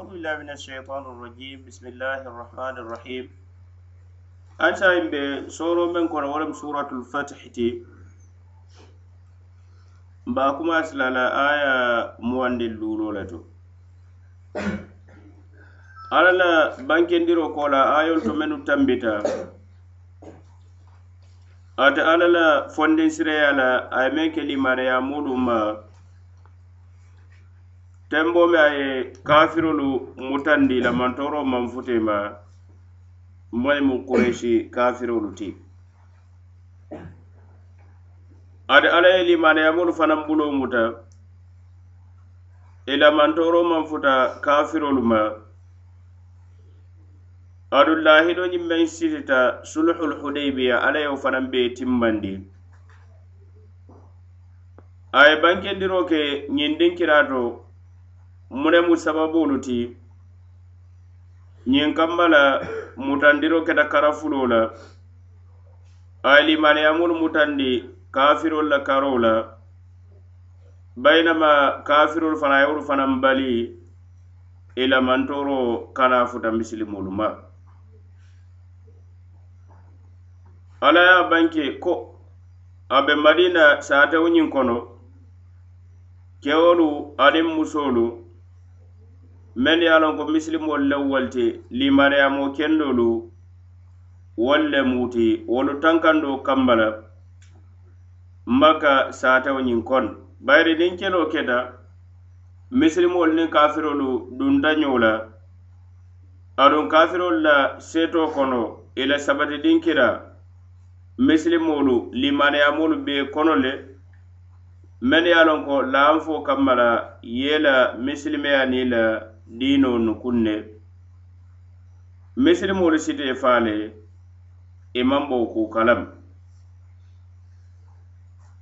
أعوذ بالله من الشيطان الرجيم بسم الله الرحمن الرحيم أنت إمبي سورة من كون ورم سورة الفتح تي باكما سلالا آية مواند اللولو لتو على لا bankendiro ko la آية التمنو menu tambita ate ala la fondensireya la aye meŋ ke limaneya tembo me aye kafirolu mutandi la mantoro man futema moyi mu kureshi kafirolu ti ade alla ye limanayamolu fanan bulo muta ila e mantoro man futa kafirolu ma adu lahido ñimmeŋ sitita sulhul hudaybiya alla yeo fanan be timmandi aye bankendiro ke ñindinkirato munemu sababolu ti ñiŋ kamma la mutandiro keta karafulo la alimaniyamolu mutandi kafirolu la karo la bayinama kafirolu fana yewolu fanaŋ bali ilamantoro kana futa misilimolu ma ala ye banke ko a be madina saatewu ñiŋ kono kewolu aniŋ musolu men ye a lon ko misilimolu le walti limariyamo kendolu wol le muti wolu tankando kamba la maka satewo ñin kon bayiri niŋ kelo keta misilimolu niŋ kafirolu dundaño la aduŋ kafirolu la seto kono i la sabati dinkira misilimolu limaniyamolu be kono le men ye a lon ko laan fo kamma la ye la misilimeya ni la diinoo nukun ne misilimoolu sitee faale imanboo e ku kalam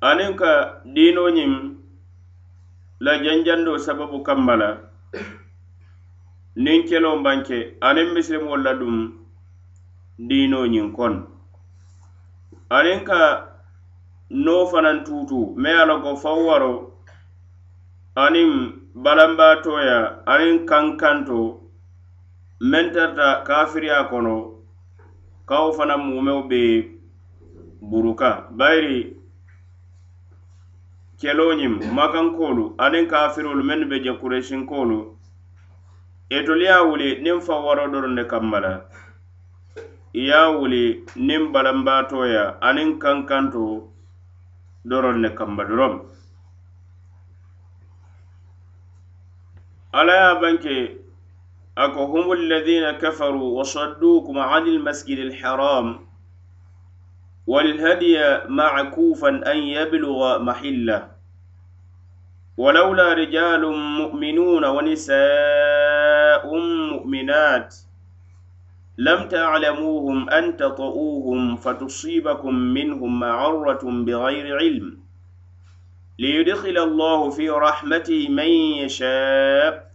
aniŋ ka diinoo ñiŋ la janjandoo sababu kamma la niŋ keloo banke aniŋ misilimoolu la duŋ diinoo ñiŋ kon aniŋ ka noo fanaŋ tuutu me ye a loŋ ko faŋ waro aniŋ balambatoya ayin kankanto mentarta kafiriya kono kawo fana mumew be buruka bayri keloñim makankolu anin kafirolu mennu be je kureshinkolu etoliya wuli nin fa warodoro ne kammala iya wuli nin balambatoya anin kankanto doron ne kambadurom ألا يا بنكي أكو هم الذين كفروا وصدوكم عن المسجد الحرام والهدي وللهدي معكوفا أن يبلغ محله ولولا رجال مؤمنون ونساء مؤمنات لم تعلموهم أن تطؤوهم فتصيبكم منهم معرة بغير علم ليدخل الله في رحمته من يشاء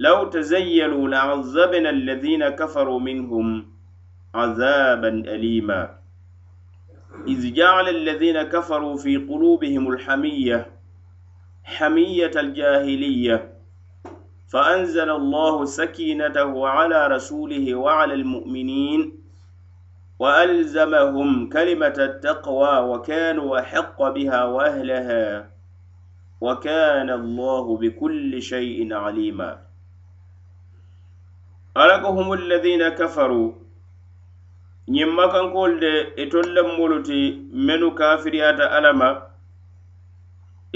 لو تزيلوا لعذبنا الذين كفروا منهم عذابا أليما إذ جعل الذين كفروا في قلوبهم الحمية حمية الجاهلية فأنزل الله سكينته على رسوله وعلى المؤمنين وألزمهم كلمة التقوى وكانوا أحق بها وأهلها وكان الله بكل شيء عليما ala ko humu lladina kafaru ñiŋ makankolu de itol e lenmolu ti mennu kafiriyata alla ma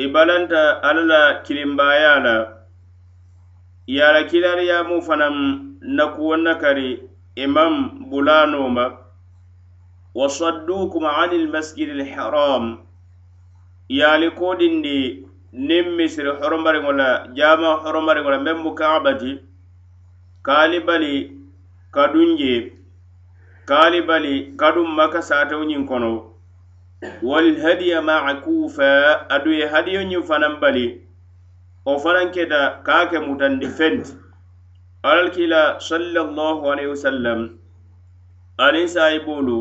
i e balanta alla la kilinbaya la yala kilariyamu fanaŋ nakuwonna kari imam bulano ma wa saddukum ani lmasjidi lharam yali kodindi niŋ misiri horomariŋo la jama horomariŋo la meŋ mu kabati ka kaalibali kadun je kaalibali kadun maka saatewuñin kono walhadiya makufa adu ye hadiyo ñin fanan bali o fanan keta kaa ke mutandi fenti alal kila sallallahu alaihi wasallam aniŋ saayibolu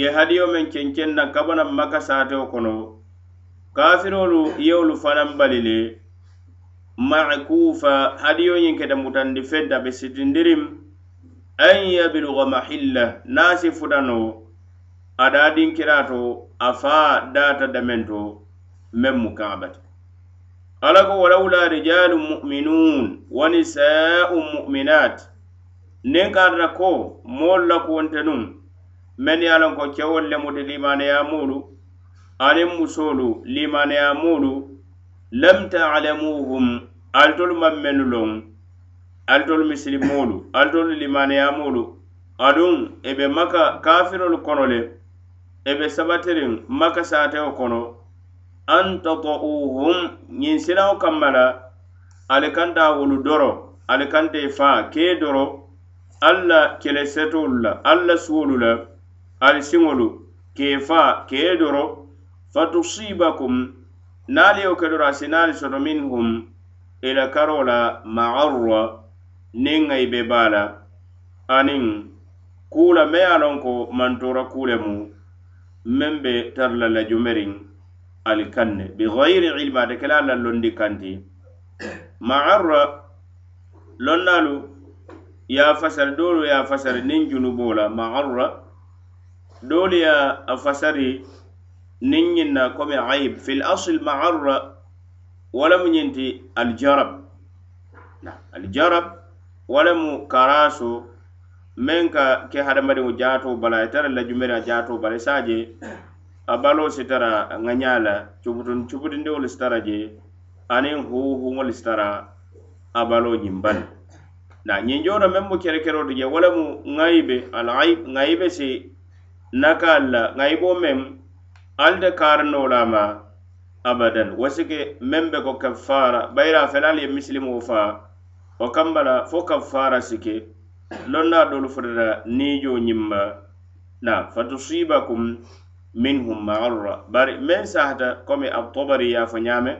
ye hadiyo men kenkeŋ na kabanan maka saatewo kono kafirolu yewolu fanan bali le makuufa hadiyo ñiŋ kete mutandi feŋ tabe sitindirim an yabiluga mahilla naasi futano a daadinkira to a faa data damen to meŋ mu kaabati ala ko walawla rijalu muminun wa nisau muminat niŋ kaatata ko moolu la kuwontenuŋ meŋ ye a loŋ ko kewol lemuti limaneyamoolu aniŋ musoolu limaneyamoolu lam ta'lamuhum ta altolu mammenu lon altolu misilimolu altolu limaneyamolu aɗun eɓe maka kafirolu konole eɓe sabatirin maka satewo kono an tato'uhum ɲinsilawo kammala ali kanta wulu doro ali kanta fa ke doro alla kelesetolu la alla suwolu la ali siŋolu ke fa ke doro fatusibakum naali yo kedoro asi naali soto minhum ila karola la magarwa niŋ ŋa i be baa la aniŋ kuu la me ye a loŋ ko mantora kuu mu meŋ be tara la lajumeriŋ ali kaŋ ne bigayiri ilimi ate kela la londi kanti magarwa lonnaalu ya a fasari doolu ye a fasari niŋ junuboo la doolu ye a fasari niŋ ñiŋ na komi ayib fil asl magarra wala mu ñinti aljarab aljarab wala mu karaso men ka ke hadamadiŋo jaato bala itara e lajumeri a jaato bala isa e je a balo sitara ŋa ñala cubutin cubutindiwolu sitara je aniŋ huhuŋolu sitara a balo ñimbani na ñinjoto meŋ mu kerekero ti je wala mu ŋayibe alayib ŋayibe si nakaal la ŋayibo meŋ alu de karinolama abadan wasike meŋ be ko kafara bayira felaali ye misilimo fa o kambala fo kafara sike lonna dolu fotata niijo ñimma na fatusibakum minhum maarra bari meŋ sahata komi atobari ye fo ñaame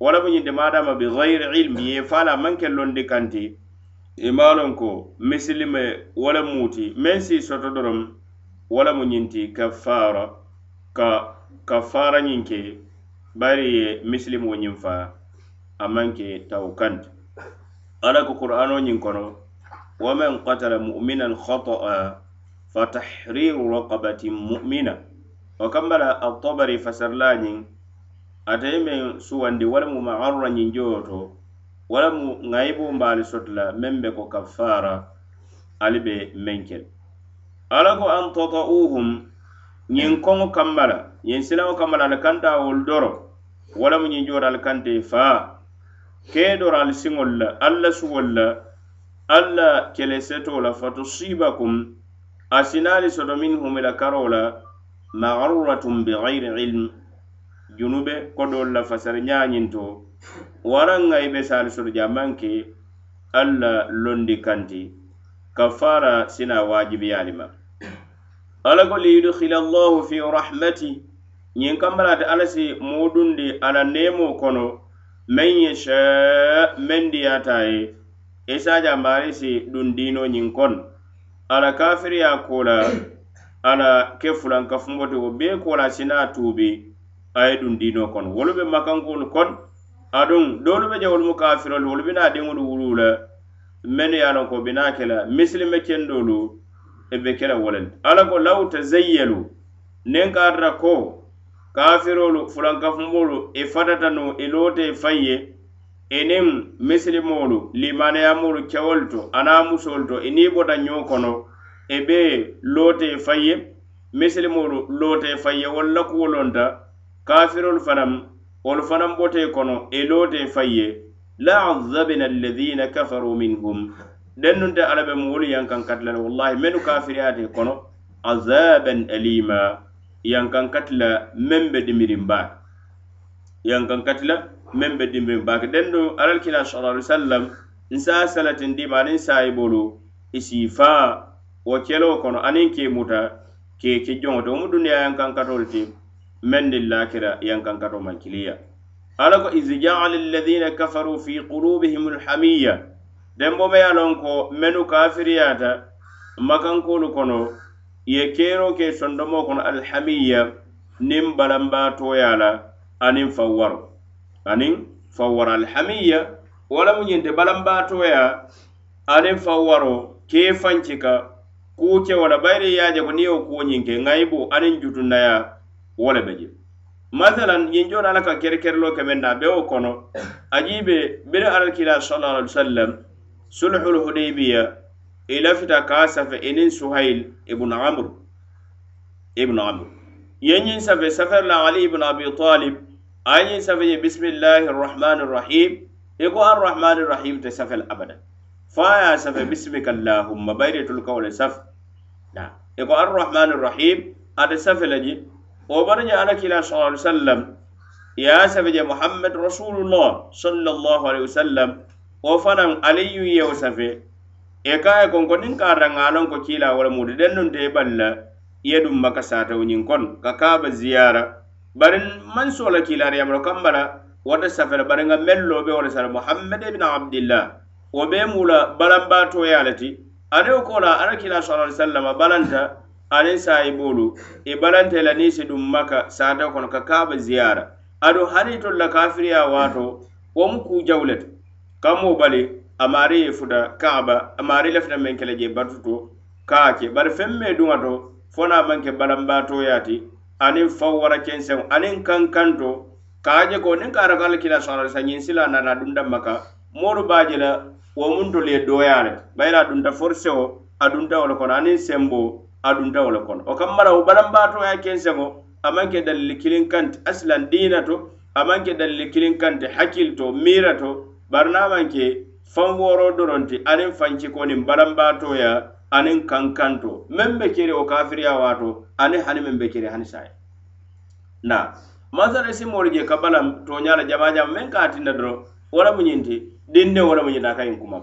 wala mu ñinde madama bi gayre ilmi ye fala maŋ ke londi kanti imalon e ko misilime wala muti meŋ si soto dorom wala mu ñinti kafara ka kafara ñiŋ ke bari ye misilimo ñiŋ fa a maŋ ke tawo kanti alla ko qur'ano ñiŋ kono wa man qatala mu'minan khata'a fa tahriru raqabatin mu'mina wa kambala at-tabari fasarla ñiŋ atai meŋ suwandi wala mu ma'arra ñiŋ jowo to wala mu ŋayibo mbaali soto la meŋ be ko kaffara ali be meŋ kel alla ko an tata'uhum ñiŋ koŋo kambala mm -hmm. ñiŋ silaŋo kamal ali kanta wolu doro wo lemu ñiŋ joota ali kante fa kee doro ali siŋolu la al la suwolu la al la kele setoo la fa tusibakum a sinaali soto minhum ila karoo la magaruratum beayri ilim junube kodoolu la fasari ñaañinto waraŋ ŋa i be saali soto jamaŋ ke al la londi kanti kafara sina wajibiyaali ma alla golle yudukhila allahu fi rahmatih ñiŋ kambalaata alla si muudundi ala neemoo kono meŋ ye sha meŋ diyaata ye isaja e maari si duŋ diino ñiŋ kono ala kafiriya koo la ala ke fulankafumo ti wo bee koo la si naa tuubi a ye duŋ diino kono wolu be makankoolu kono aduŋ doolu be je wolu mu kafiroolu wolu bena diŋolu wuluu la mennu ye a loŋ ko bi naa ke la misilime kendoolu e be ke la wo le ala ko law tazayyalu niŋ ka tara koo kafirolu furankafumolu i e fatatanu i e lootee fay ye enin misilimolu limanayamolu kewolu to ana musolu to i e nii bota ñoo kono i be lootee fay ye misilimolu lootee fay ye wolla kuwolonta kafirolu fanan wolu fanan botee kono i lootee fay ye la azabina alladina kafaru minhum dennunte alabe muwolu yankan katilani wallahi mennu kafiriyaate kono azaban alima yankan katila meŋ be dimirin baa yankan katila meŋ be dimirin baa ke den do alal kina sala alai sallam nsa salatin dima aniŋ saayi bolu i sii faa wo keloo kono aniŋ kei muta ke ke joŋo te omu duniya yankan katolu ti meŋ niŋ laakira yankan kato maŋ kiliya ala ko is jaala alladina kafaru fi qulubihim alhamiya dembo ma ye lon ko mennu kafiriyaata makankolu kono ye kero ke sondomo kono alhamiya nin balambatoya la anin fawwaro anin fawwaro alhamiya walamu ñinte balambatoya anin fawwaro ke fancika kuce wala bayri yaje ko niyo ko nyinke ngaybu anin jutunaya wala beje masalan yin jona la ka kerker lo kemenda be o kono ajibe bir alkila sallallahu alaihi wasallam sulhul hudaybiyah i lafita ka a safe i niŋ suhayil ibnu amr ibnu amr ye ñiŋ safe safeer la ali ibnu abi talib a ye ñiŋ safe je bisimillahi rrahmani rrahim i ko arrahmani rrahim te safe la abada fo a ye a safe bisimika llahumma bayiretul kawo le safe i ko arrahmani rrahim ate safe la je wo bara je alakila sala alai sallam ye a safe je muhammad rasulullah sallallahu alaihi wasallam wo fanaŋ aliyu yewo safe e kaye kon ko niŋ karraŋalon ko kiila wala mudu den nun tei balla ye dum maka satawu ñiŋ kon ka kaaba ziyara bari maŋ soola kiilaari yamalo kamba la wata safere bari nga mello be wala sara muhammad ibinu abdillah wo be mula balambaatoya le ti ade wo kola ala kiila sa alai sallama balanta aniŋ sayiboolu i e balante la niŋ si dum maka saatawo kono ka kaaba ziyara ado hani tolla kafiriya waato wo mu kuu jawu le ti kamo bali amari ye futa kaaba amari lefita meŋ kele je batuto kaa ke bari feŋ mee duŋa to fo na maŋ ke balambaatoyaati aniŋ faw wara kenseŋo aniŋ kankanto kaa je ko niŋ ka araka ala kila sala sa ñiŋ sila nana dunda maka moolu be je la wo muntolu ye dooyaa le bayira a dunta forisewo a dunta wo le kono aniŋ sembo a dunta wo le kono o kam mara wo balambaatoya kenseŋo a maŋ ke dalili kiliŋ kanti asilan diina to a maŋ ke dalili kiliŋ kanti hakkil to miira to bari naa maŋ ke fan woro doronti anin fancikonin balambatoya anin kankanto men be kere o kafiriya wato ani hani men be kere hani saye na masara si mori je kabala to nyala jama jama men ka atinda do wala munyinti dinne wala munyinda kay kuma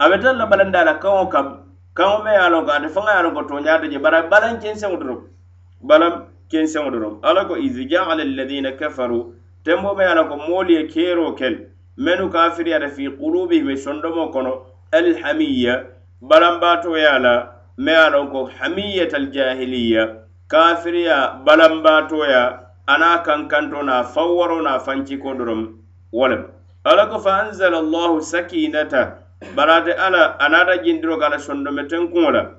abe tan la balanda la kawo kam kawo me yalo ga de fanga yalo go to nyada je bara balan kin sen do balam kin sen do ala ko izi ja'al alladhina kafaru tembo me yalo ko moli e kero kel menu kafiriyata fi qulubihim sondomo kono alhamiya balambatoya la me a lon ko hamiyat aljahiliya kafiriya balambatoya ana kankanto na fawwaro na fanciko dorom walem ala ko fa anzala llah sakinata barate ala anata jindiro kala sondome tenkuŋola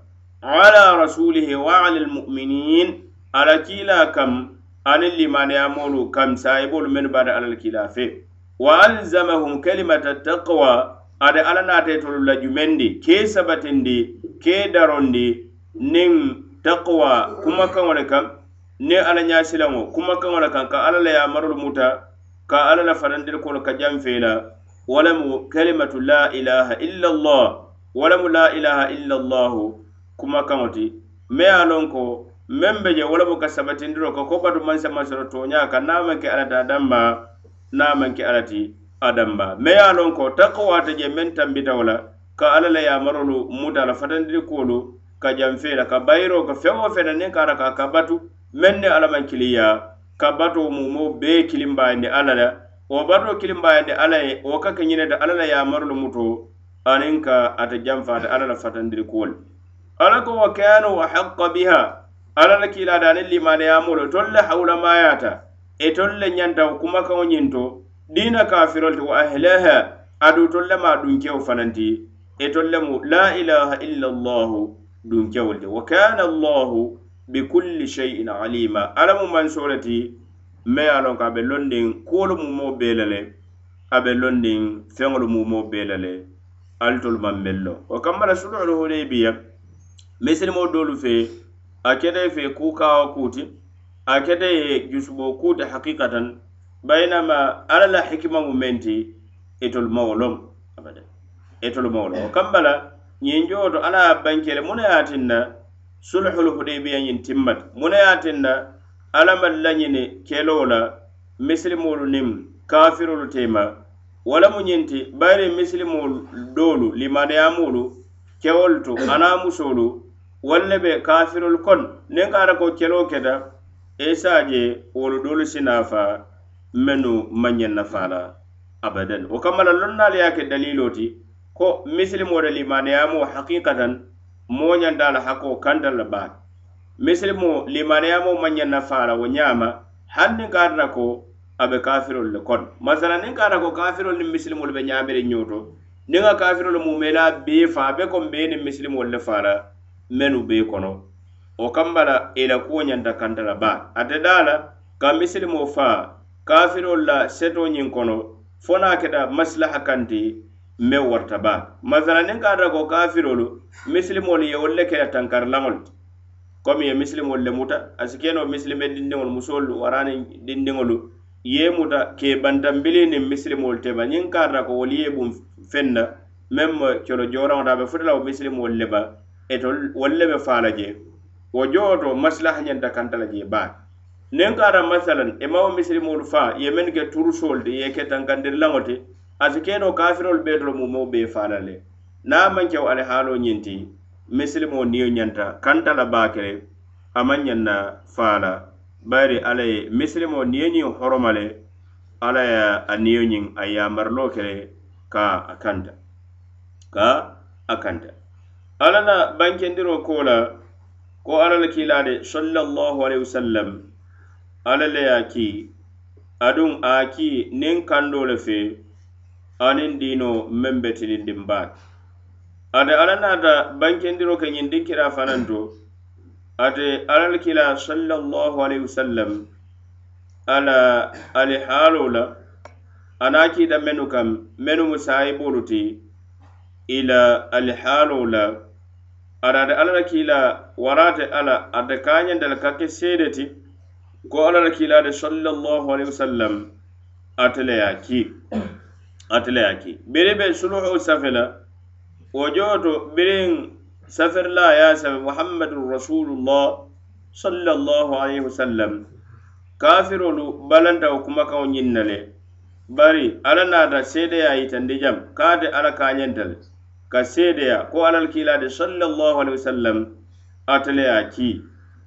ala rasulihi wa ala almuminin ala kila kam anin limaniyamolu kam sayibolu menu bata alal kila fe wa alzamahum kalimata taqwa ada ala nate tolu la jumendi ke sabatindi ke darondi nin taqwa kuma kan wala kan ne ala nya silango kuma kan wala kan ka ala la yamarul muta ka ala la farandir ko ka jam fela wala mu kalimatu la ilaha illa allah wala mu la ilaha illa allah kuma kan wati me alonko membe je wala bu ka sabatindiro ko ko batu man sama sero to nya kan namake ala da damba namanke alati adamba me ye lon ko takawata je meŋ tambitawola ka alla la yamarolu mutala fatandiri kuolu ka janfeela ka bayiro ka feŋo fena niŋ kara ka ka batu meŋ ne alla maŋ kiliya ka bato mumo bee kilimbayindi alla la wo bato kilimbayindi alla ye wo ka ke ñinete alla la yamarolu muto aniŋ ka ate janfaata alla la fatandiri kuolu alla ko wa kanu ahaqa biha alla la kiilaata aniŋ limaneyamolu tolu le hawulamayaata etolle ñantaw kumakaŋo ñiŋ to diina kafirol ti wa ahlaha adu tolle ma dunkewo fananti etolle mu la ilaha illallahu dunkewol ti wa kana allahu bikulli shayin alima alla mu mansole ti me ye lonko a be londiŋ kuwolu mumo bee la le a be londiŋ feŋolu mumo bee la le ali tolu maŋ meŋ lo wo kamma la suluhul hudaybiya misilimo doolu fee a kete fee kuu kawo kuu ti a kete ye jusubo kuta hakikatan bayinama alla la hikimaŋo meŋ ti itolu mawolom itolu mawolom kambala ñinjowo to alla ye bankele muna ye tin na sulhul hudaybiya ñiŋ timmat muna ye tin na alla maŋ la ñini kelo la misilimolu niŋ kafirolu tema walamu ñiŋ ti bayiri misilimolu doolu limaneyamolu kewolu to anaa musolu walla be kafirolu kon niŋ ka ata ko kelo keta esa je wolu dolu sinafa menu manyan nafala abadan o kamala lonna ya ke dalilo ti ko misli mo de limane ya mo hakikatan mo nyan dal hako kandal la ba misli mo limane ya mo manyan nafala wo nyama hande garna ko abe kafiro le kon masala nin kara ko kafiro le misli mo be nyamere nyoto ninga kafiro le mu mela be fa be ko be ni misli mo le fara menu be kono o kambala ila kuwo ñanta kantala baa ate daala ka misilimo faa kafirol la seto ñiŋ kono fo naa keta masilaha kanti meŋ warta baa masala niŋ ka ata ko kafirolu misilimolu ye wolu le keta tankari laŋol komi ye misilimolu le muta asi keno misilime dindiŋolu musolu warani dindiŋolu ye muta ke bantambili niŋ misilimolu teba ñiŋ ka ata ko wolu ye bun feŋ na meŋ colo joraŋo ta a be futa la wo misilimolu le ba etol wolu le be faa la je wo jooto masilaha ñanta kantala je baat nin kara masalan e mawo misiri moolu faa ye men ke turusool de ye ke tankandir laŋo te ate keno kafirolu be tolo mumoo bee faala le na mankew ali haaloo ñinti misilimoo niyo ñanta kantala baakere a maŋ ñaŋ na faala bari alla ye misilimoo niyo ñiŋ horoma le alla ye a niyo ñiŋ a yamarloo kele ka a kanta ka a kanta alla na bankendiroo koo la ko alal kilade sallallahu alaihi wasallam alal e ya ki adun aki nin kando le fe anin dino membeti din dimba ade alana da banken diro ke nyin dikira fananto ade alal kila sallallahu alaihi wasallam ala ali halula anaki da menukam menu musaibuluti ila ali halula arate alla la kiila warate ala ate kañendal ka ke seede ti ko alla la kiilade sallallahu alaihi wasallam ate le ye ki ate le ye ki biri be suluhu safe la wo jooto biriŋ la ye sabe muhammadun rasulullah sallallahu alaihi wasallam kafirolu balanta wo kumakaŋo ñiŋ le bari alla naata seede ye yitandi jam ka ala alla ka seedeya ko alal kiilaade sallallahu alaihi wasallam ataleya ki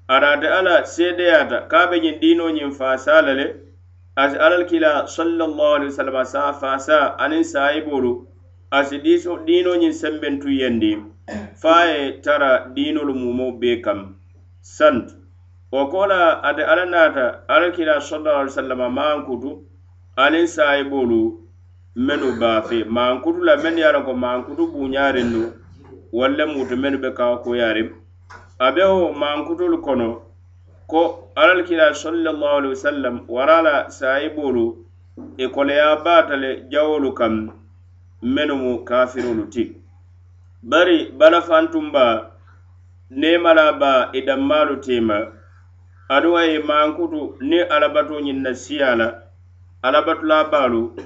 araate ala seedeyata kaabe ñin diinoñin faasala le asi alal kiila sallallahu alaihi wasallam asa faasa aniŋ saayiboolu asi diiso diinoñin sembentu yendi faa ye tara diinolu mumo bee kam sant wo ko la ate ala naata alal kiila sallallahu alaihi wasallam maankutu aniŋ saayiboolu menu baafe mankutu la men ye lanko mankutu buñarin nu walle mutu menu be kawa koyarin abe wo mankutolu kono ko alal kila sallallahu alaihi wasallam warala sayibolu ekoleya batale jawolu kam menu mu kafirolu ti bari balafantumba nemala ba i e dammalu tema aduwa ye mankutu ni alabato ñin na siyala alabatula baalu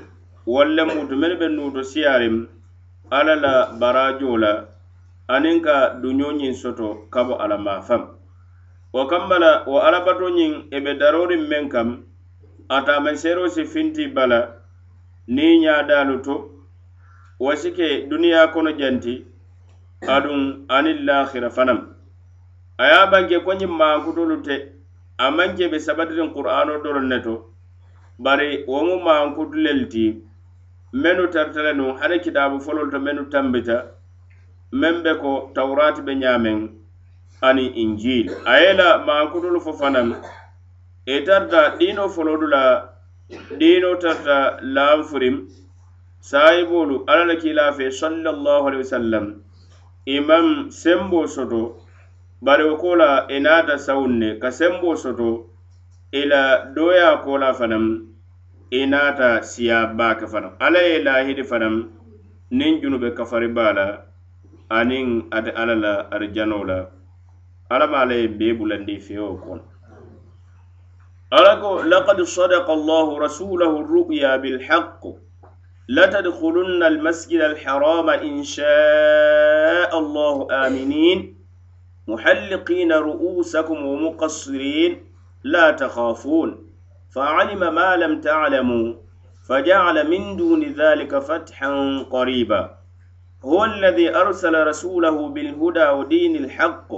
walla mutu menu be nuuto siyarim ala la barajo la aniŋ ka duñoñiŋ soto ka bo ala mafam wo kamma la wo alabatoñiŋ e be darorin men kam a taamaseero si finti bala niŋ ñadalu to wo si ke duniya kono janti aduŋ aniŋ lahira fanaŋ a ye a banke koñiŋ maankutolu te a maŋ ke be sabatiriŋ qur'ano doroŋ ne to bari wo mu maankutu lelu tii menu tartale nu hare kitabu folol to menu tambita men be ko taurati be ñamen ani injil ayela mankutolu fo fanan e tarta ɗino folodu la ɗino tarta lanfurim sahibolu ala la kilafe sallllahu alihi wasallam imam sembo soto bari wo kola e nata sawunne ka sembo soto ila doya kola fanan i naata siya baa ke fanaŋ alla ye lahidi fanaŋ niŋ junube kafari baa la aniŋ ate alla la arijanoo la alla ma alla ye bee bulandi fewo kono alla ko laqad sadaka allahu rasulahu ru'ya bilhaq لتدخلن المسجد الحرام إن شاء الله آمنين محلقين رؤوسكم ومقصرين لا تخافون فعلم ما لم تعلموا فجعل من دون ذلك فتحا قريبا هو الذي أرسل رسوله بالهدى ودين الحق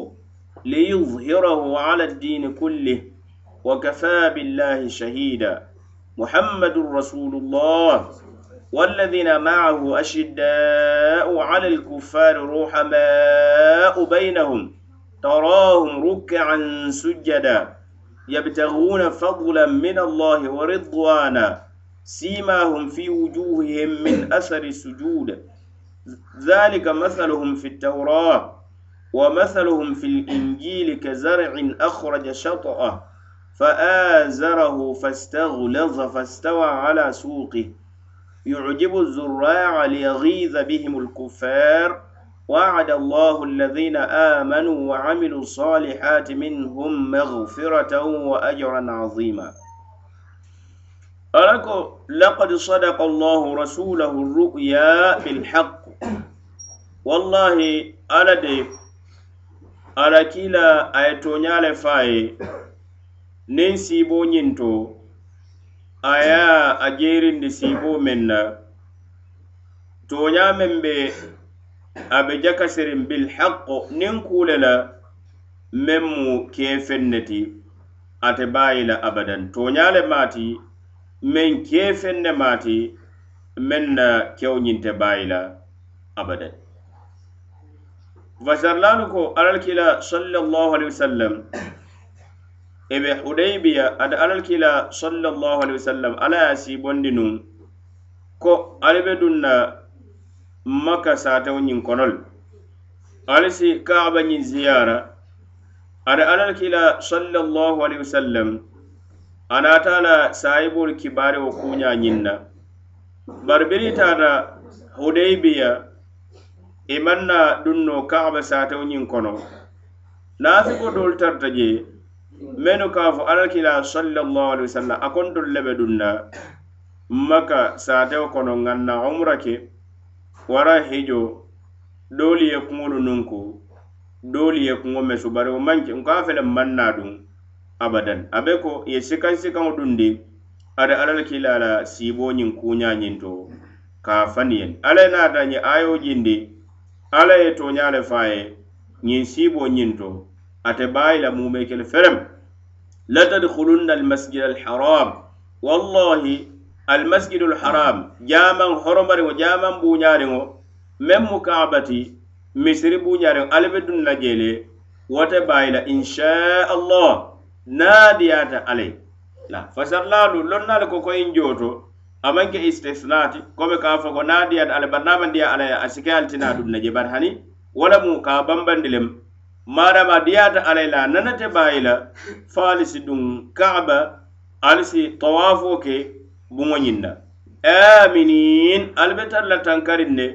ليظهره على الدين كله وكفى بالله شهيدا محمد رسول الله والذين معه أشداء على الكفار رحماء بينهم تراهم ركعا سجدا يبتغون فضلا من الله ورضوانا سيماهم في وجوههم من أثر السجود ذلك مثلهم في التوراة ومثلهم في الإنجيل كزرع أخرج شطأه فآزره فاستغلظ فاستوى على سوقه يعجب الزراع ليغيظ بهم الكفار وعد الله الذين آمنوا وعملوا الصالحات منهم مغفرة وأجرا عظيما لقد صدق الله رسوله الرؤيا بالحق والله على دي على كلا أيتونيا لفاي ننسيبو نينتو أيا أجيرين دي سيبو منا تونيا من بي a be jakasirin bilhaqo niŋ kuule la meŋ mu kee feŋ ne ti ate baayi la abadan tooñaa le maati meŋ kee feŋ ne maati meŋ na kewo ñinte baayi la abadan fasarlaanu ko alalkila sallallahu alaihi wasallam e be hudaybiya ate alalkila sallallahu alaihi wasallam ala ye a siibondi nuŋ ko ali be duŋ na maka satawo ñiŋ konol ali si kaaba ñiŋ ziyara ada alal kila sallallahu alaihi wasallam anata la sahibul kibari wo kuña ñiŋ na bari biritata hudaybiya i maŋ na dunno kaaba satawo ñiŋ kono naafiko doolu tarta je menu kafo alal kila sallallahu alaihi wasallam akontolu lebe dunna maka satawo kono ŋanna umra ke wara hijo doli ye kuŋolu nuŋ ku doli ye kuŋo mesu bari wo manke nka fele man na duŋ abadan a be ko ye sikaŋ sikaŋo duŋ di ada ala le kila la sibo ñiŋ kuña ñiŋ to ka faniyen ala ye naata ñe ayo jindi ala ye toña le fa ye ñiŋ sibo ñiŋ to ate bayi la mume kele ferem latadkhulunna almasjid alharam wallahi almasjidul haram jaman horomariŋo jaman buñariŋo meŋ mu kabati misiri buñariŋo ali be dunna jele wote bayila inchaa allah naadiyata ale fasarlaalu lonnaali koko in joto aman ke istisnati komi ka fo ko naadiyata ale bari namandiya alaya a sike altina dunna je bari hani wala mu ka bambandilem madama diyata alay la nanate bayila faalisi dun kaba alisi tawafo ke buŋo ñiŋ na aminin ali be tara la tankariŋ ne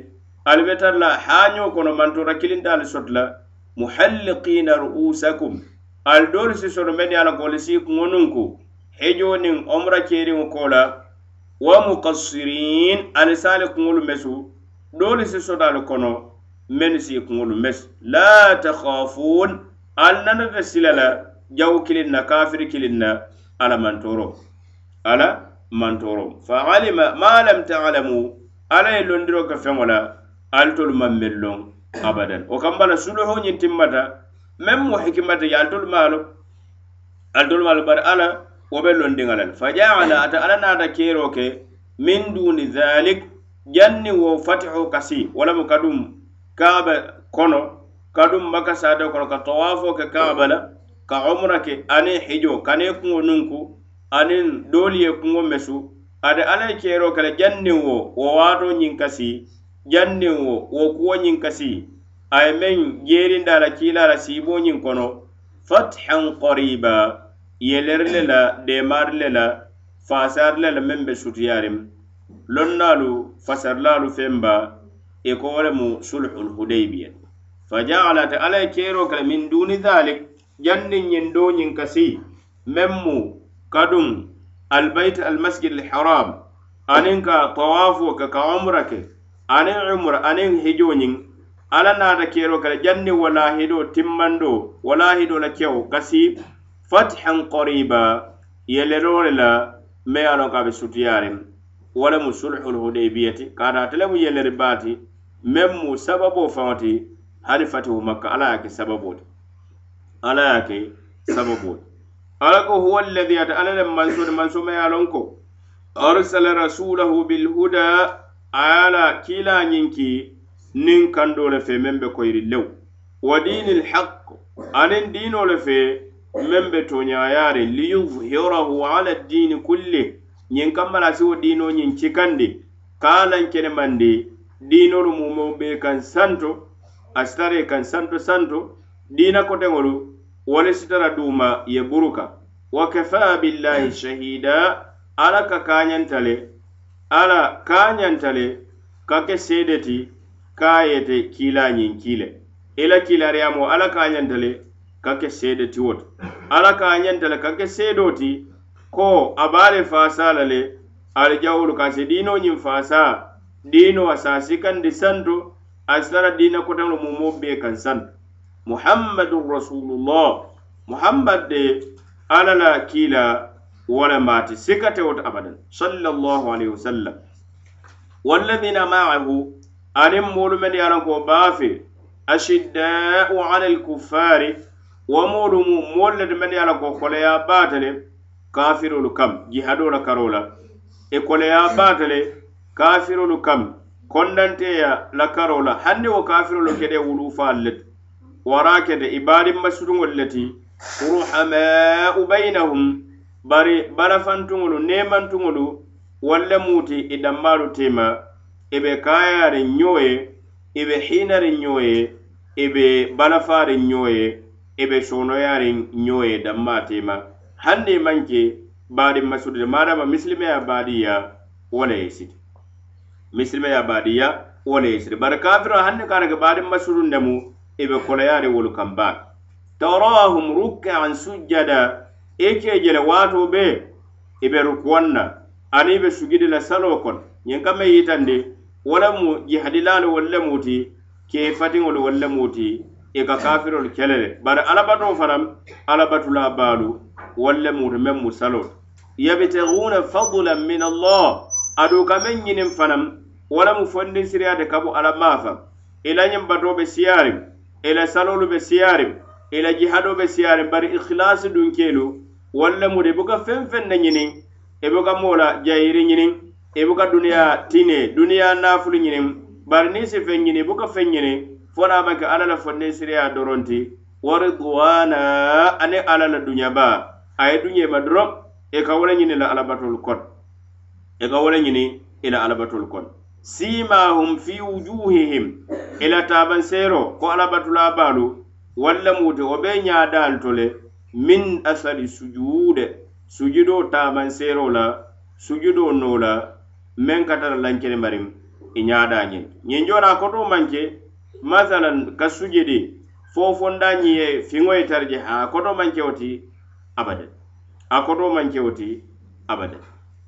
ali be tara la haaño kono mantora kiliŋ daali soto la muhalliqina ru'usakum ali doolu si soto meŋ ye a la koli si kuŋonuŋ ko hejoniŋ omura keeriŋo ko la wa mukassirin ali si ali kuŋolu mesu doolu si soto ali kono menu si kuŋolu mesu la takhafun ali nanata sila la jawu kiliŋ na kafiri kiliŋ na ala mantoro ala mantoro fa alima ma lam ta'lamu ala ye londiro ka feŋola altolu maŋ meŋ loŋ abadan wo kam bala suluho ñiŋ timmata meŋ mu hikimata ye altolu maalo altolu maalo bari ala wo be londiŋa la le fa jaala ata ala naata keeroo ke miŋ duni dhalik janni wo fatihu kasi wo lamu ka dum kaaba kono ka dum makasaatoo kono ka tawaafoo ke kaaba la ka omura ke aniŋ hijo kanee kuŋo nuŋ ku aniŋ doolu ye kuŋo mesu ate alla ye keeroo kele janniŋ wo wo waato ñiŋ kasi janniŋ wo wo kuwo ñiŋ kasi a ye meŋ jeerinda la kiila la siiboo ñiŋ kono fathan qariba yelere le la deemaari le la faasaari le la meŋ be sutuyaariŋ lonnaalu fasarilaalu feŋ ba ì e ko wo le mu sulhul hudaybiya fa jaala te alla ye keeroo kele min duuni dhalik janniŋ ñiŋ doo ñiŋ kasi meŋ mu kaduŋ albayt almasjid alharam aniŋ ka tawafo ka ka umra ke aniŋ umra anin hijo ñiŋ alla naata kero kala janni hido timmando hido la kewo kasi fathan qariba yele le la me ye ka a be sutuyariŋ wo le mu sulhul hudaybiyati kaata mu yeleri baati meŋ mu sababoo faŋo ti hani makka ala yake sababu ala yake sababu ala ko huwa alladhi ata ala lam mansur mansuma ya lonko arsala rasulahu bil huda ala kila nyinki nin kando le fe membe ko iri lew wa dinil haqq anin dino le fe membe to nyaayare li yuzhirahu ala ad-din kulli nyin kamala si wo dino nyin cikandi kalan kene mandi dino mumo be kan santo astare kan santo santo dina ko tengolu wole sitara duma ye buruka wa kafa billahi shahida ala ka kañantale ala kañantale ka ke sedeti kayete kilañin kile ila kilariyamo ala kañantale ka ke sedeti woto ala kañantale ka ke sedoti ko abale fasala le alijawolu kase dinoñin fasa dino a sasi kandi santo asitara dina kotanlo mumo be kan santo muhammadun rasulullah muhammad de alla la kiila wala maati sikatewota abadan sallallahu alaihi wasallam walladina maahu anin moolu men ye lanko baafe ashidda'u ala alkuffari wo moolu mu moolu le men ye koleya baata kafirolu kam jihado la karo la e koleya baata kafirolu kam kondanteya la karola la hanni wo kafirolu kede wulufaalu le to warakede ibadin masutuŋol leti ruhamau bainahum bari barafantuŋolu nemantuŋolu walle muti i dambalu tema ibe kayarin ɲoye ibe hinarin ɲoye ibe balafarin ɲoye ibe sonoyarin ɲoye damma tema hanni manke badi masudi madama misilimeya badiya wala yesidi misilimeya badiya wala yesidi bari kafiro hanni kanake badi masudu ndemu ebe koloyaari wolu kan baa tarahum rukkan sujjada e keejele waato be ibe rukuwanna ani ibe sugidi la salo kon ñiŋ ka ma yitandi wala mu jihadilaalu wolu le muti kee fatiŋolu wolu le muti i ka kafirolu kele le bari alabato fanam alabatula baalu wolu le muti meŋ mu salo yabtaguna fadulan min allah adu ka meŋ ñiniŋ fanam wala mu fondinsiriyaate ka bo alamaa fa ila ñiŋ batoo be siyaariŋ ila salolu be siyarim ila jihado be siyarim bari ikhlasu dun kelu walle mude e buka fenfen na nyinin e buka mola jayiri nyinin e buka dunia tine dunia nafulu nyinin bari nisi fen nyini e buka fen nyini fona baka alala fonne siriya doronti waridwana ane alala dunyaba aye dunye ma doron e ka wala nyini la alabatul kon e ka wala nyini ila alabatul kon simahum fi wujuhihim ila tabanseero ko alabatulabalu wallamute wo be ñadal to le min asali sujuude sujudo tabanseero la sujudo no la men katara lancene marim i e ñadañin ñin jona koto manke masalan ka sujudi fofonda ñiye fiŋoye tarje ha koto mankewoti abada a koto mankewoti abada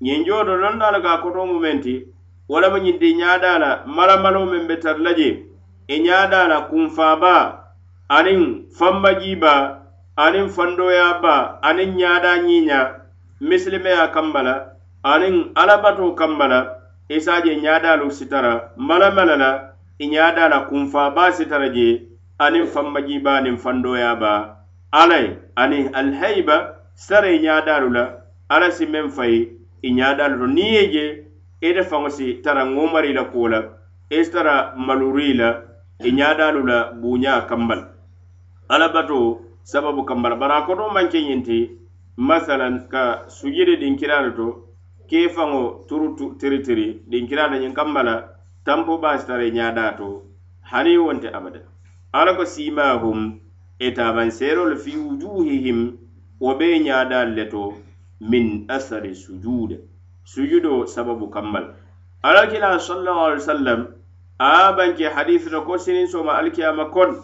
ñin jodo don dal ga koto mumenti walama lemu ñiŋ ti ñaada la maramaroo meŋ be tara la je i e ñaada la kunfaaba aniŋ fanbajiiba aniŋ fandoyaba aniŋ ñaada ñiiña misilimeya kamba la aniŋ alabatoo kamba la i e se a je ñaadaalu sitara malamala la i e ñaada la kunfaaba sitara je aniŋ fanbajiiba aniŋ fandoyaba alla ye aniŋ alhayiba sara i ñaadaalu la ala si meŋ fayi i ñaadaalu to niŋ ye je ite faŋosi tara ŋumari la kuo la i e tara maluri la i e ñadalu la buuña kambal ala bato sababu kambal bara koto manke ñinti masalan ka sujidi dinkira le to ke faŋo turu tiritiri dinkira le ñiŋ kamba la tampo basi tara i ñada to hani wonte abada ala ko simahum etabanserolu fi wujuhihim wo be ñadalu le to min asari sujuda sujudo sababu kambal alakila sallallahu alaihi wasallam a banke hadith no ko sinin soma alkiyama kon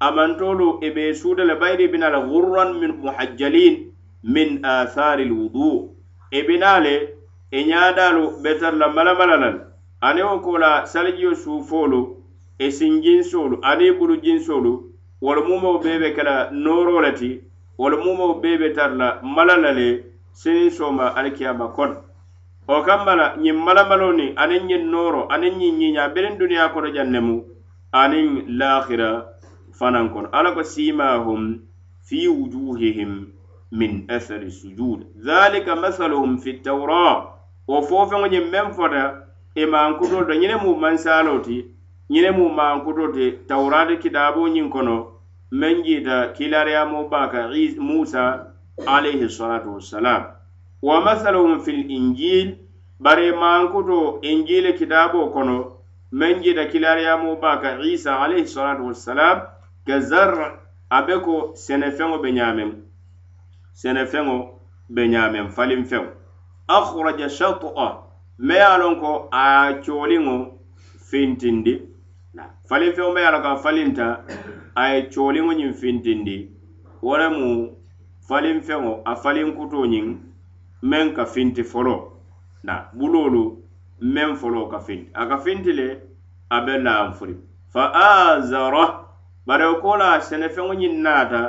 amantolu ebe sudal bayri binal ghurran min muhajjalin min athari alwudu ebinale e nyaadalu betar la malamalanan ani o kola saljiyo sufolu e sinjinsolu ani bulu jinsolu wal mumo bebe kala norolati wal mumo bebe tarla malalale sinin soma alkiyama kon o kambala ñiŋ malamalo ni aniŋ ñiŋ nooro aniŋ ñiŋ ñiiña beriŋ duniyaa kono jaŋ nemu aniŋ laakhira fanaŋ kono alla ko siimaahum fi wujuuhihim min asari sujuud dhalika masaluhum fi tawra wo foofeŋo ñiŋ meŋ fota i e maankutoo to ñiŋ ne mu mansaalo ti ñiŋ ne mu maankutoo ti tawrati kitaaboo ñiŋ kono meŋ jiita kilariyaamoo baa ka musa alayhi salatu wassalam wa masaluhum fil injil bare mankuto injil kitabo kono men jida kilariyamu baka isa alayhi salatu wassalam ke zar abe ko senefeŋo be ñamen senefeŋo be ñamen falinfeŋo akhraja shat'a me ye lon ko a coliŋo fintindi falinfeŋo be ye lo ka falinta a ye coliŋo ñiŋ fintindi wo lemu falinfeŋo a falinkutoñiŋ meŋ ka finti folo na buloolu meŋ folo ka finti a ka finti le a be laanfuri fa azara bare wo kola a senefeŋo ñiŋ naata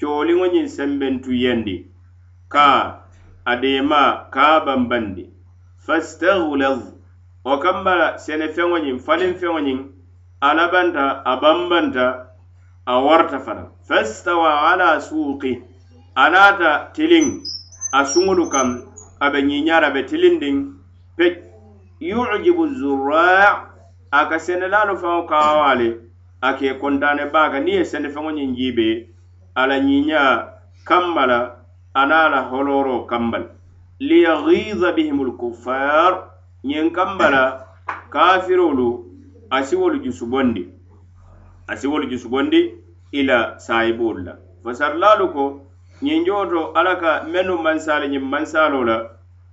cooliŋo ñiŋ sembentu yendi ka a deema kaa bambandi fastahlaz wo kamba senefeŋo ñiŋ falinfeŋo ñiŋ a labanta a bambanta a warta fana fastawa ala suuki a naata tiliŋ a suŋolu kaŋ a be ɲiɲara be tilindiŋ pe yujibu zura a ka senelalu faŋo kawale a ke kontane baka niŋ ye senefeŋo ñiŋ jibe a la ɲiɲa kamma la ana a la holoro kamma la liyaghiza bihimul kufar ñiŋ kamma la kafirolu a siwolu jusubondi a siwolu jusubondi ila sahibolu la fasarlalu ko ñiŋ joo to alla ka mennu mansaali ñiŋ mansaaloo la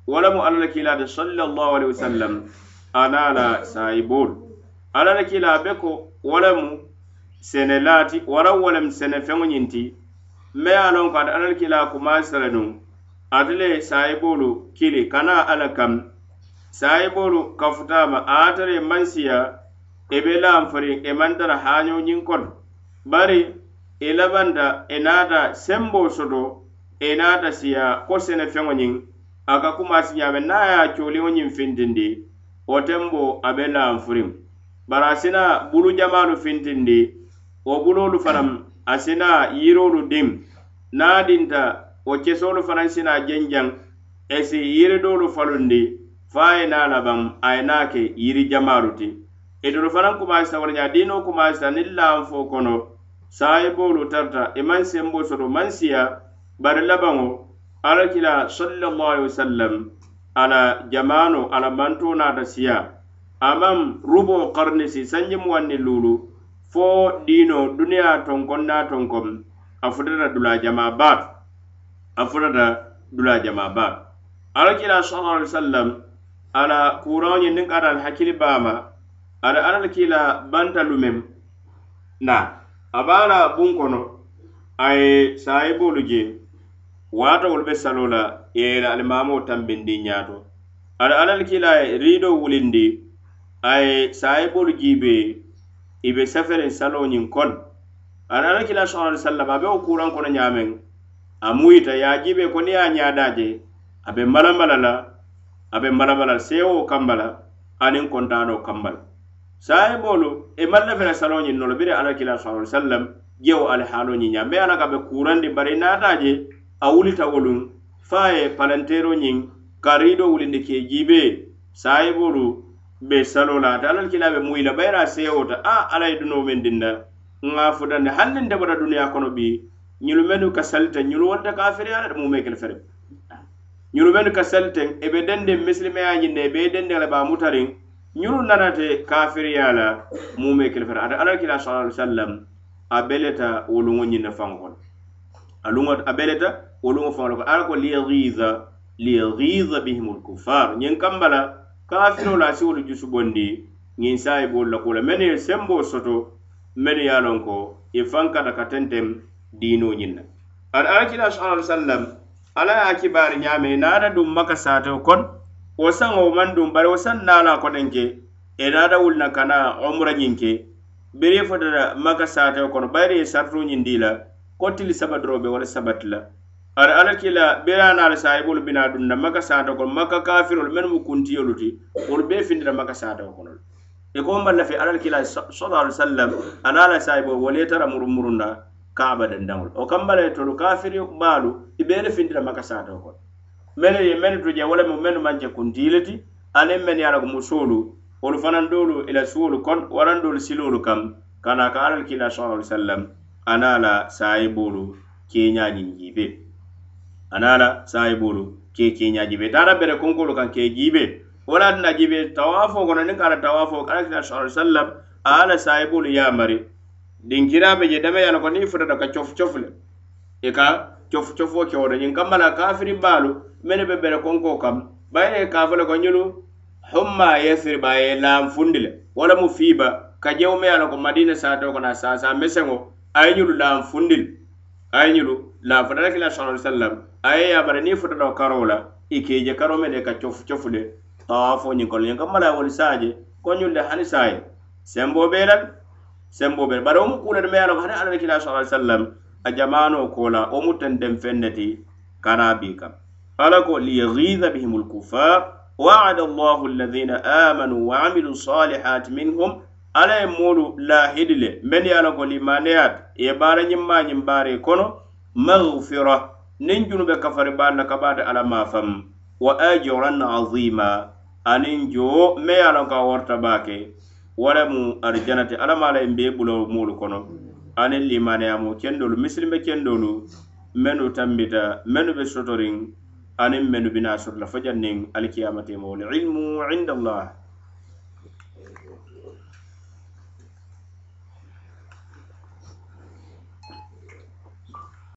wo lemu alla la kiilaate sallallahu alaihi wasallam ana la saayiboolu alla la kiilaa be ko wo lemu sene laati waraŋ wo lemu sene feŋo ñiŋ ti me ye a loŋ ko ate alla la kiilaa kumaasi la nuŋ ate le saayiboolu kili kana alla kam saayiboolu kafutaama a ate le mansiya e be laŋ e maŋ tara haañoo ñiŋ bari e labanta e naata sembo soto e naata siya ko sene feŋo ñiŋ a ka kumasi ñaame na ye a coliŋo ñiŋ fintindi wo tembo a be laan furiŋ bari a sina bulu jamaalu fintindi wo buloolu fanaŋ a sina yiroolu diŋ naŋ dinta wo kesoolu fanaŋ sina jenjaŋ e si yiridoolu falundi fa a ye naa labaŋ a ye naa ke yiri jamaalu ti itolu e fanaŋ kumasita wala ñaa diinoo kumasita niŋ laan fo kono sahibolu tarta e man sembo soto man siya bari labaŋo alakila sallallahu alaihi wasallam ala jamano ala manto nata siya amam rubo karnisi sanji muwanni lulu fo dino duniya tonkon na tonkon a futata dula jama ba a futata dula jama ba alakila sallallahu alaihi wasallam ala kurawni ninkara alhakili bama ala alakila banta lumem na abala bun kono ay sahibolu je wata wol be salo la e yeyla alimamo tambindi ñato ada alal kila rido wulindi ay sahibolu jibe ibe safere salo ñin kon ada alal kila sa ali sallam abe wo kuran kono ñamen amuyita ya jibe ko ni ya ñada je abe malamala la abe malamala sewo kambala anin kontano kambala saayiboolu e malla fele saloo ñiŋ nolu biri ala kila sa ai sallam jewo ali haaloo ñiŋ ñaŋ mbe ala ka be kurandi bari naataa je a wulita woluŋ fo a ye palanteero ñiŋ ka riidoo wulindi ke jiibee saayiboolu be saloo la ate alal kila be muyi la bayira seyowota a ala ye dunoo meŋ dinna nŋa futandi hani niŋ debota duniyaa kono bi ñunu menu ka salita ñunu wolta kaafiriya la mu mekele fere ñunu menu ka salite e be dendiŋ misilimeyaa ñinne e be dendiŋ le baa mutariŋ ñunu nanate kafiriya la mume kelefera ata ala kila sa sallam a beleta woluŋo ñinna faŋo kono aluŋo a beleta woluŋo faŋo lo kono ala ko liyaghiza liyaghiza bihim lkuffar ñiŋ kamba la kafiro la a si wolu jusu bondi ñiŋ saayi boolu la kuula mennu ye sembo soto mennu ye a loŋ ko i faŋ kata ka tentem diino ñinna ata ala kila sa sallam ala ye a kibaari ñaame naata duŋ maka saateo kono wo saŋo wo maŋ duŋ bari wo saŋ naala koteŋ ke e naata wuli na kana omura ñiŋ ke biri fotata maka saateo kono bayiri ye sartu ñiŋ dii la ko tili saba doro be wala sabati la ari ala ki la bira naala saayibolu bina duŋ na maka saateo kono maka kafirolu mennu mu kuntiyolu ti wolu bee findita maka saateo kono l e ko mballa fe ala kila sallallahu alaihi wasallam ala ala saibo wone tara murum murunda kaaba dandangol o kambala e tolu kafiri baalu ibere findira makasa to ko mene ye mene to je wala mu mene man je kun dileti anen mene ala ko musulu ol fanan dolu ila suulu kon waran dolu silulu kam kana ka alal kila sallallahu alaihi wasallam anala saibulu ke nyaani jibe anala saibulu ke ke nyaaji be dara bere kon kolo kan ke jibe wala na jibe tawafo ko nan kala tawafo kala kila sallallahu alaihi wasallam ala saibulu ya mari dinkirabe je dama yana ko ni fudada ka chof chofle e ka chof chofo ke wodanyin kamala kafiri balu mene be bene konko kam bayne kafo le ko ñunu humma yesiri baye lam fundi le wala mu fiba ka jewu me ala ko madina sato kona sasa mesengo ay ñulu lam fundil ay ñulu lam fa dalaki la sallallahu alaihi wasallam ay ya bare ni fota do karola ikeje karo me de ka chof chof le tafo ni ko ñanga mala wol saaje ko ñul le hani saaye sembo be la sembo be bare mu kula de me ala ko hada ala ki la sallallahu alaihi wasallam a jamano kola o mu tan dem fennati kana bi kam alako liyghiza bihim lkuffar wa'ada allah allazina amanu wa amilu salihati minhum ala ye moolu lahidi le men ye alako limaneyat ye baara ñimmañin baare kono maghfira nin junube kafari baalla kabaate ala mafam wa ajran azima anin jo me ye alonko a warta baake walamu arjanati ala maala yin bee bulo moolu kono anin limaneyamo kendolu misilimbe kendolu menu tambita menu be sotorin أنم من بنا سر لفجر نين الكيامة مول علم عند الله